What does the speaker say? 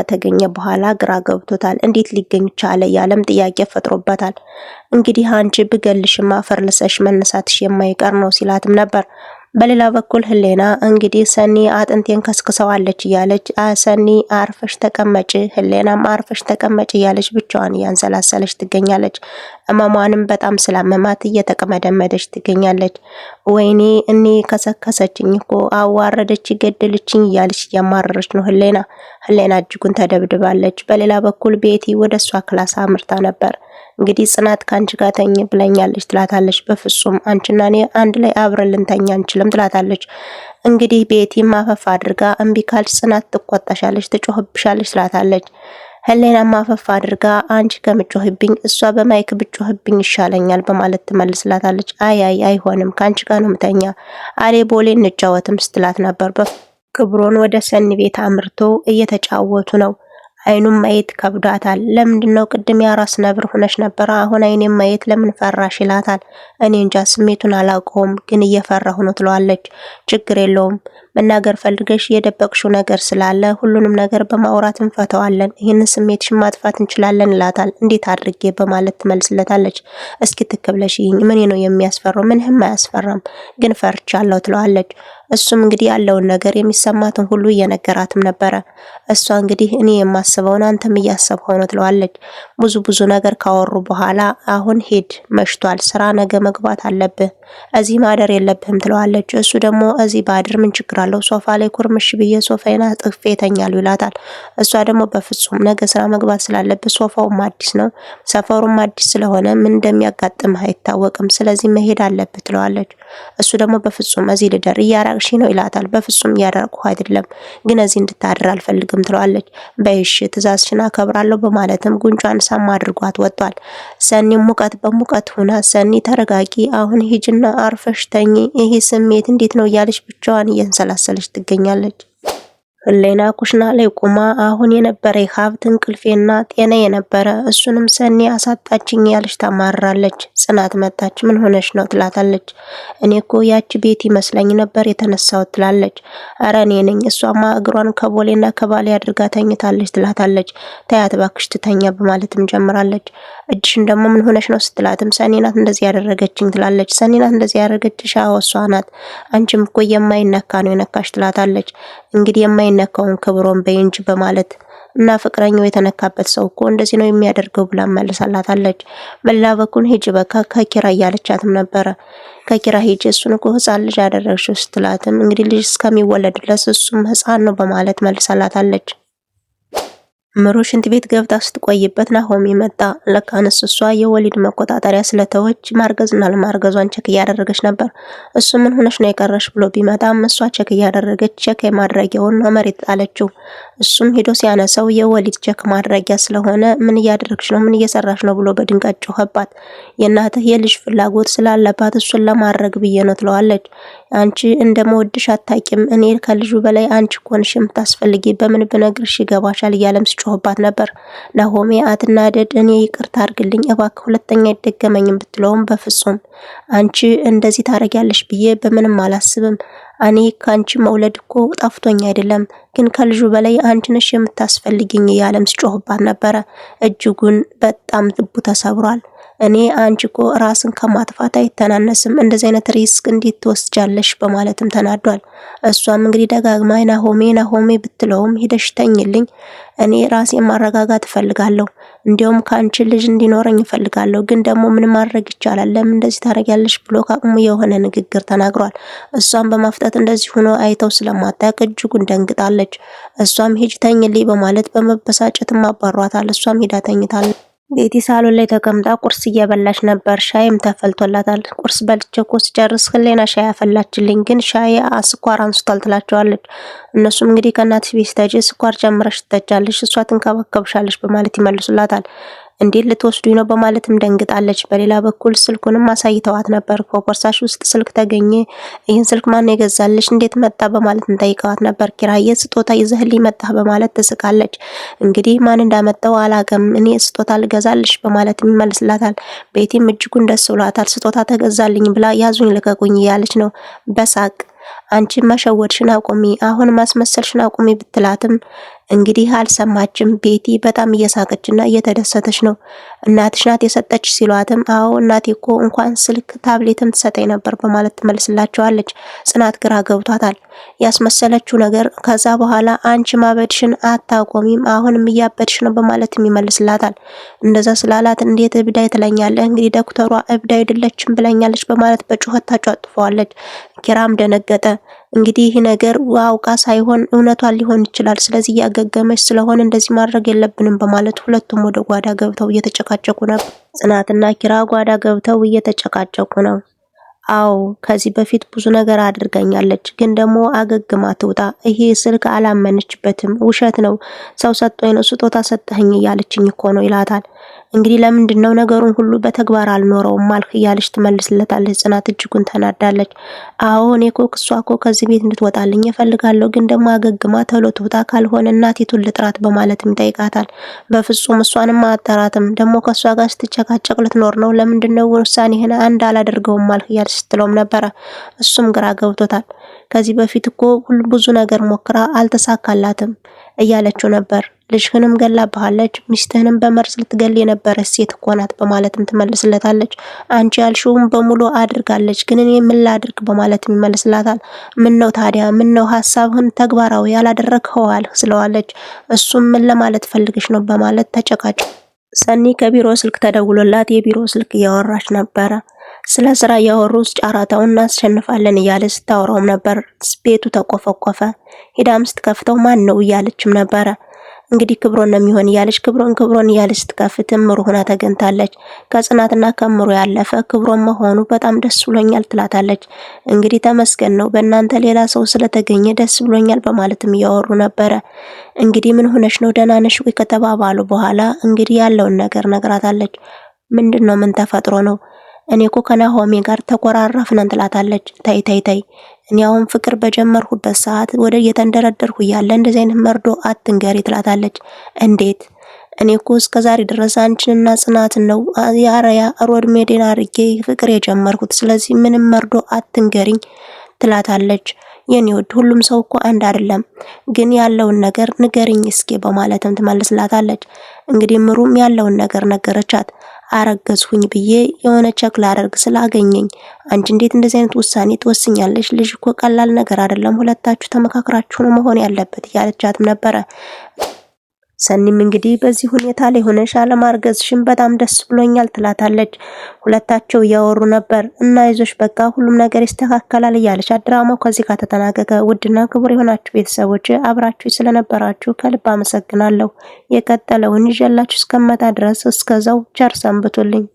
ከተገኘ በኋላ ግራ ገብቶታል። እንዴት ሊገኝ ቻለ ያለም ጥያቄ ፈጥሮበታል። እንግዲህ አንቺ ብገልሽማ ፈርልሰሽ መነሳትሽ የማይቀር ነው ሲላትም ነበር። በሌላ በኩል ህሌና እንግዲህ ሰኒ አጥንቴን ከስክሰዋለች እያለች ሰኒ አርፈሽ ተቀመጭ፣ ህሌናም አርፈሽ ተቀመጭ እያለች ብቻዋን እያንሰላሰለች ትገኛለች። ህመሟንም በጣም ስላመማት እየተቀመደመደች ትገኛለች። ወይኔ እኔ ከሰከሰችኝ እኮ አዋረደች፣ ገደለችኝ እያለች እያማረረች ነው ህሌና። ህሌና እጅጉን ተደብድባለች። በሌላ በኩል ቤቲ ወደ እሷ ክላስ አምርታ ነበር። እንግዲህ ጽናት ከአንቺ ጋር ተኝ ብለኛለች ትላታለች። በፍጹም አንቺና እኔ አንድ ላይ አብረን ልንተኛ አንችልም ትላታለች። እንግዲህ ቤቲ ማፈፍ አድርጋ እምቢ ካልሽ ጽናት ትቆጣሻለች፣ ትጮህብሻለች ትላታለች። ህሌናም ማፈፋ አድርጋ አንቺ ከምጮህብኝ እሷ በማይክ ብጮህብኝ ይሻለኛል በማለት ትመልስላታለች። አይ አይ አይሆንም ከአንቺ ጋር ነው ምተኛ አሌ ቦሌ እንጫወትም ስትላት ነበር። ክብሮን ወደ ሰኒ ቤት አምርቶ እየተጫወቱ ነው። አይኑም ማየት ከብዷታል። ለምንድን ነው ቅድም ያራስ ነብር ሆነሽ ነበር አሁን አይኔ ማየት ለምን ፈራሽ? ይላታል። እኔ እንጃ ስሜቱን አላውቀውም ግን እየፈራሁ ነው ትለዋለች። ችግር የለውም መናገር ፈልገሽ የደበቅሽው ነገር ስላለ ሁሉንም ነገር በማውራት እንፈተዋለን፣ ይህንን ስሜትሽ ማጥፋት እንችላለን ይላታል። እንዴት አድርጌ በማለት ትመልስለታለች። እስኪ ትክብለሽ ይህኝ ምን ነው የሚያስፈራው? ምንህም አያስፈራም፣ ግን ፈርቻለሁ ትለዋለች። እሱም እንግዲህ ያለውን ነገር የሚሰማትን ሁሉ እየነገራትም ነበረ። እሷ እንግዲህ እኔ የማስበውን አንተም እያሰብ ነው ትለዋለች። ብዙ ብዙ ነገር ካወሩ በኋላ አሁን ሂድ፣ መሽቷል፣ ስራ ነገ መግባት አለብህ፣ እዚህ ማደር የለብህም ትለዋለች። እሱ ደግሞ እዚህ ባድር ምን ችግር እኖራለሁ፣ ሶፋ ላይ ኩርምሽ ብዬ ሶፋዬን አጥፌ እተኛለሁ ይላታል። እሷ ደግሞ በፍጹም ነገ ስራ መግባት ስላለበት ሶፋውም አዲስ ነው፣ ሰፈሩም አዲስ ስለሆነ ምን እንደሚያጋጥም አይታወቅም፣ ስለዚህ መሄድ አለብህ ትለዋለች። እሱ ደግሞ በፍጹም እዚህ ልደር እያራቅሽ ነው ይላታል። በፍጹም እያራቅኩ አይደለም፣ ግን እዚህ እንድታድር አልፈልግም ትለዋለች። በይሽ ትእዛዝሽን አከብራለሁ በማለትም ጉንጯን ሳማ አድርጓት ወጥቷል። ሰኒ ሙቀት በሙቀት ሁና ሰኒ ተረጋጊ፣ አሁን ሂጅና አርፈሽ ተኚ፣ ይሄ ስሜት እንዴት ነው እያለች ብቻዋን እየተንሰላ እያሰላሰለች ትገኛለች። ህሌና ኩሽና ላይ ቆማ አሁን የነበረ የሀብት እንቅልፌና ጤና የነበረ እሱንም ሰኔ አሳጣችኝ ያለች ታማራለች። ጽናት መጣች። ምን ሆነች ነው ትላታለች። እኔ እኮ ያቺ ቤት ይመስለኝ ነበር የተነሳው ትላለች። አረ እኔ ነኝ፣ እሷማ እግሯን ከቦሌና ከባሌ አድርጋ ተኝታለች ትላታለች። ተያት ባክሽ ትተኛ በማለትም ጀምራለች። እጅሽን ደግሞ ምን ሆነሽ ነው ስትላትም ሰኔናት እንደዚህ ያደረገችኝ ትላለች። ሰኔናት እንደዚህ ያደረገችሽ አወሷ ናት። አንቺም እኮ የማይነካ ነው የነካሽ ትላታለች። እንግዲህ የማይነካውን ክብሮን በይ በማለት እና ፍቅረኛው የተነካበት ሰው እኮ እንደዚህ ነው የሚያደርገው ብላ መልሳላታለች። በሌላ በኩል ሂጂ በቃ ከኪራ እያለቻትም ነበረ። ከኪራ ሂጂ እሱን እኮ ሕፃን ልጅ አደረግሽው ስትላትም እንግዲህ ልጅ እስከሚወለድለስ እሱም ህፃን ነው በማለት መልሳላታለች። ምሩ ሽንት ቤት ገብታ ስትቆይበት ናሆሚ መጣ። ለካንስ እሷ የወሊድ መቆጣጠሪያ ስለተወች ማርገዝና ለማርገዟን ቸክ እያደረገች ነበር። እሱ ምን ሆነሽ ነው የቀረሽ ብሎ ቢመጣም እሷ ቸክ እያደረገች ቸክ የማድረጊያውን መሬት ጣለችው። እሱም ሄዶ ሲያነሰው የወሊድ ቸክ ማድረጊያ ስለሆነ ምን እያደረግሽ ነው? ምን እየሰራሽ ነው? ብሎ በድንጋት ጮኸባት። የእናትህ የልጅ ፍላጎት ስላለባት እሱን ለማድረግ ብዬ ነው ትለዋለች። አንቺ እንደመወድሽ አታቂም። እኔ ከልጁ በላይ አንቺ ኮንሽ የምታስፈልጊ። በምን ብነግርሽ ይገባሻል እያለም ስትጮህባት ነበር። ናሆሜ አትናደድ፣ እኔ ይቅርታ አርግልኝ እባክህ፣ ሁለተኛ አይደገመኝም ብትለውም በፍጹም አንቺ እንደዚህ ታደርጊያለሽ ብዬ በምንም አላስብም። እኔ ከአንቺ መውለድ እኮ ጣፍቶኝ አይደለም፣ ግን ከልጁ በላይ አንቺ ነሽ የምታስፈልግኝ እያለም ሲጮህባት ነበረ። እጅጉን በጣም ልቡ ተሰብሯል። እኔ አንቺ እኮ ራስን ከማጥፋት አይተናነስም እንደዚህ አይነት ሪስክ እንዴት ትወስጃለሽ? በማለትም ተናዷል። እሷም እንግዲህ ደጋግማ ናሆሜ ናሆሜ ብትለውም ሂደሽ ተኝልኝ፣ እኔ ራሴን ማረጋጋት እፈልጋለሁ፣ እንዲሁም ከአንቺ ልጅ እንዲኖረኝ እፈልጋለሁ፣ ግን ደግሞ ምን ማድረግ ይቻላል? ለምን እንደዚህ ታደርጊያለሽ? ብሎ ከአቅሙ የሆነ ንግግር ተናግሯል። እሷም በማፍጠት እንደዚህ ሆኖ አይተው ስለማታውቅ እጅጉን ደንግጣለች። እሷም ሂጅ ተኝልኝ በማለት በመበሳጨትም አባሯታል። እሷም ሂዳ ተኝታለች። ቤቲ ሳሎን ላይ ተቀምጣ ቁርስ እየበላች ነበር። ሻይም ተፈልቶላታል። ቁርስ በልቼ እኮ ስጨርስ ህሌና ሻይ አፈላችልኝ፣ ግን ሻይ ስኳር አንስቷል ትላቸዋለች። እነሱም እንግዲህ ከእናትሽ ቤት ስኳር ጨምረሽ ትጠጃለሽ፣ እሷ ትንከባከብሻለች በማለት ይመልሱላታል። እንዴት ልትወስዱኝ ነው በማለትም ደንግጣለች። በሌላ በኩል ስልኩንም አሳይተዋት ነበር። በቦርሳሽ ውስጥ ስልክ ተገኘ፣ ይህን ስልክ ማን የገዛልሽ? እንዴት መጣ? በማለት እንጠይቀዋት ነበር። ኪራዬ ስጦታ ይዘህልኝ መጣ በማለት ትስቃለች። እንግዲህ ማን እንዳመጣው አላቅም፣ እኔ ስጦታ ልገዛልሽ በማለት ይመልስላታል። ቤቴም እጅጉን ደስ ብሏታል። ስጦታ ተገዛልኝ ብላ ያዙኝ ልቀቁኝ እያለች ነው በሳቅ አንቺ መሸወድሽን አቁሚ፣ አሁን ማስመሰልሽን አቁሚ ብትላትም እንግዲህ አልሰማችም። ቤቲ በጣም እየሳቀችና እየተደሰተች ነው። እናትሽ ናት የሰጠች ሲሏትም፣ አዎ እናቴ እኮ እንኳን ስልክ ታብሌትም ትሰጠኝ ነበር በማለት ትመልስላቸዋለች። ጽናት ግራ ገብቷታል ያስመሰለችው ነገር። ከዛ በኋላ አንቺ ማበድሽን አታቆሚም፣ አሁንም እያበድሽ ነው በማለት ይመልስላታል። እንደዛ ስላላት እንዴት እብዳይ ትለኛለህ? እንግዲህ ዶክተሯ እብዳይ አይደለችም ብለኛለች በማለት በጩኸት ታጫጥፈዋለች። ኪራም ደነገጠ። እንግዲህ ይህ ነገር አውቃ ሳይሆን እውነቷን ሊሆን ይችላል። ስለዚህ እያገገመች ስለሆነ እንደዚህ ማድረግ የለብንም በማለት ሁለቱም ወደ ጓዳ ገብተው እየተጨቃጨቁ ነበር። ጽናትና ኪራ ጓዳ ገብተው እየተጨቃጨቁ ነው። አዎ ከዚህ በፊት ብዙ ነገር አድርገኛለች፣ ግን ደግሞ አገግማ ትውጣ። ይሄ ስልክ አላመነችበትም። ውሸት ነው፣ ሰው ሰጠኝ ነው፣ ስጦታ ሰጠኝ እያለችኝ እኮ ነው ይላታል። እንግዲህ ለምንድነው ነገሩን ሁሉ በተግባር አልኖረውም ማልክ እያለች ትመልስለታለች። ጽናት እጅጉን ተናዳለች። አዎ እኔ እኮ ክሷ እኮ ከዚህ ቤት እንድትወጣልኝ እፈልጋለሁ፣ ግን ደግሞ አገግማ ቶሎ ትውጣ፣ ካልሆነ እናቲቱን ልጥራት በማለትም ይጠይቃታል። በፍጹም እሷንም አጠራትም፣ ደግሞ ከእሷ ጋር ስትጨቃጨቅ ልትኖር ነው። ለምንድነው ውሳኔህን አንድ አላደርገውም ማልክ እያለች ስትለውም ነበረ። እሱም ግራ ገብቶታል። ከዚህ በፊት እኮ ብዙ ነገር ሞክራ አልተሳካላትም እያለችው ነበር። ልጅህንም ገላብሃለች፣ ሚስትህንም በመርዝ ልትገል የነበረች ሴት እኮ ናት በማለትም ትመልስለታለች። አንቺ ያልሽውም በሙሉ አድርጋለች፣ ግን እኔ ምን ላድርግ በማለትም ይመልስላታል። ምን ነው ታዲያ ምን ነው ሀሳብህን ተግባራዊ ያላደረግኸው አልህ ስለዋለች። እሱም ምን ለማለት ፈልግሽ ነው በማለት ተጨቃጭ ሰኒ ከቢሮ ስልክ ተደውሎላት የቢሮ ስልክ እያወራች ነበረ። ስለ ስራ እያወሩስ ጨረታውን እናስሸንፋለን እያለ ስታወራውም ነበር። ቤቱ ተቆፈቆፈ። ሄዳም ስትከፍተው ማን ነው እያለችም ነበረ። እንግዲህ ክብሮን ነው የሚሆን እያለች ክብሮን ክብሮን እያለች ስትከፍት ምሩ ሆና ተገኝታለች። ከጽናትና ከምሩ ያለፈ ክብሮን መሆኑ በጣም ደስ ብሎኛል ትላታለች። እንግዲህ ተመስገን ነው በእናንተ ሌላ ሰው ስለተገኘ ደስ ብሎኛል በማለትም እያወሩ ነበረ። እንግዲህ ምን ሆነሽ ነው ደህና ነሽ ወይ ከተባባሉ በኋላ እንግዲህ ያለውን ነገር ነግራታለች። ምንድን ነው ምን ተፈጥሮ ነው እኔ እኮ ከናሆሜ ጋር ተኮራረፍነን ትላታለች። ተይ ተይ ተይ እኔ አሁን ፍቅር በጀመርሁበት ሰዓት ወደ እየተንደረደርሁ እያለ እንደዚህ አይነት መርዶ አትንገሪ ትላታለች። እንዴት እኔ እኮ እስከ ዛሬ ድረስ አንቺንና ጽናትን ነው የአረያ ሮድ ሜዴን አርጌ ፍቅር የጀመርኩት። ስለዚህ ምንም መርዶ አትንገሪኝ ትላታለች። የኔ ውድ ሁሉም ሰው እኮ አንድ አይደለም፣ ግን ያለውን ነገር ንገሪኝ እስኪ በማለትም ትመልስላታለች። እንግዲህ ምሩም ያለውን ነገር ነገረቻት። አረገዝኩኝ ብዬ የሆነ ቸክ ላደርግ ስላገኘኝ አንቺ እንዴት እንደዚህ አይነት ውሳኔ ትወስኛለሽ? ልጅ እኮ ቀላል ነገር አይደለም፣ ሁለታችሁ ተመካክራችሁ ነው መሆን ያለበት እያለቻትም ነበረ። ሰኒም እንግዲህ በዚህ ሁኔታ ላይ ሆነሽ አለማርገዝሽን በጣም ደስ ብሎኛል ትላታለች። ሁለታቸው እያወሩ ነበር እና ይዞሽ በቃ ሁሉም ነገር ይስተካከላል እያለች ድራማው ከዚህ ጋር ተጠናቀቀ። ውድና ክቡር የሆናችሁ ቤተሰቦች አብራችሁ ስለነበራችሁ ከልብ አመሰግናለሁ። የቀጠለውን ይዤላችሁ እስከመጣ ድረስ እስከዛው ቸር ሰንብቱልኝ።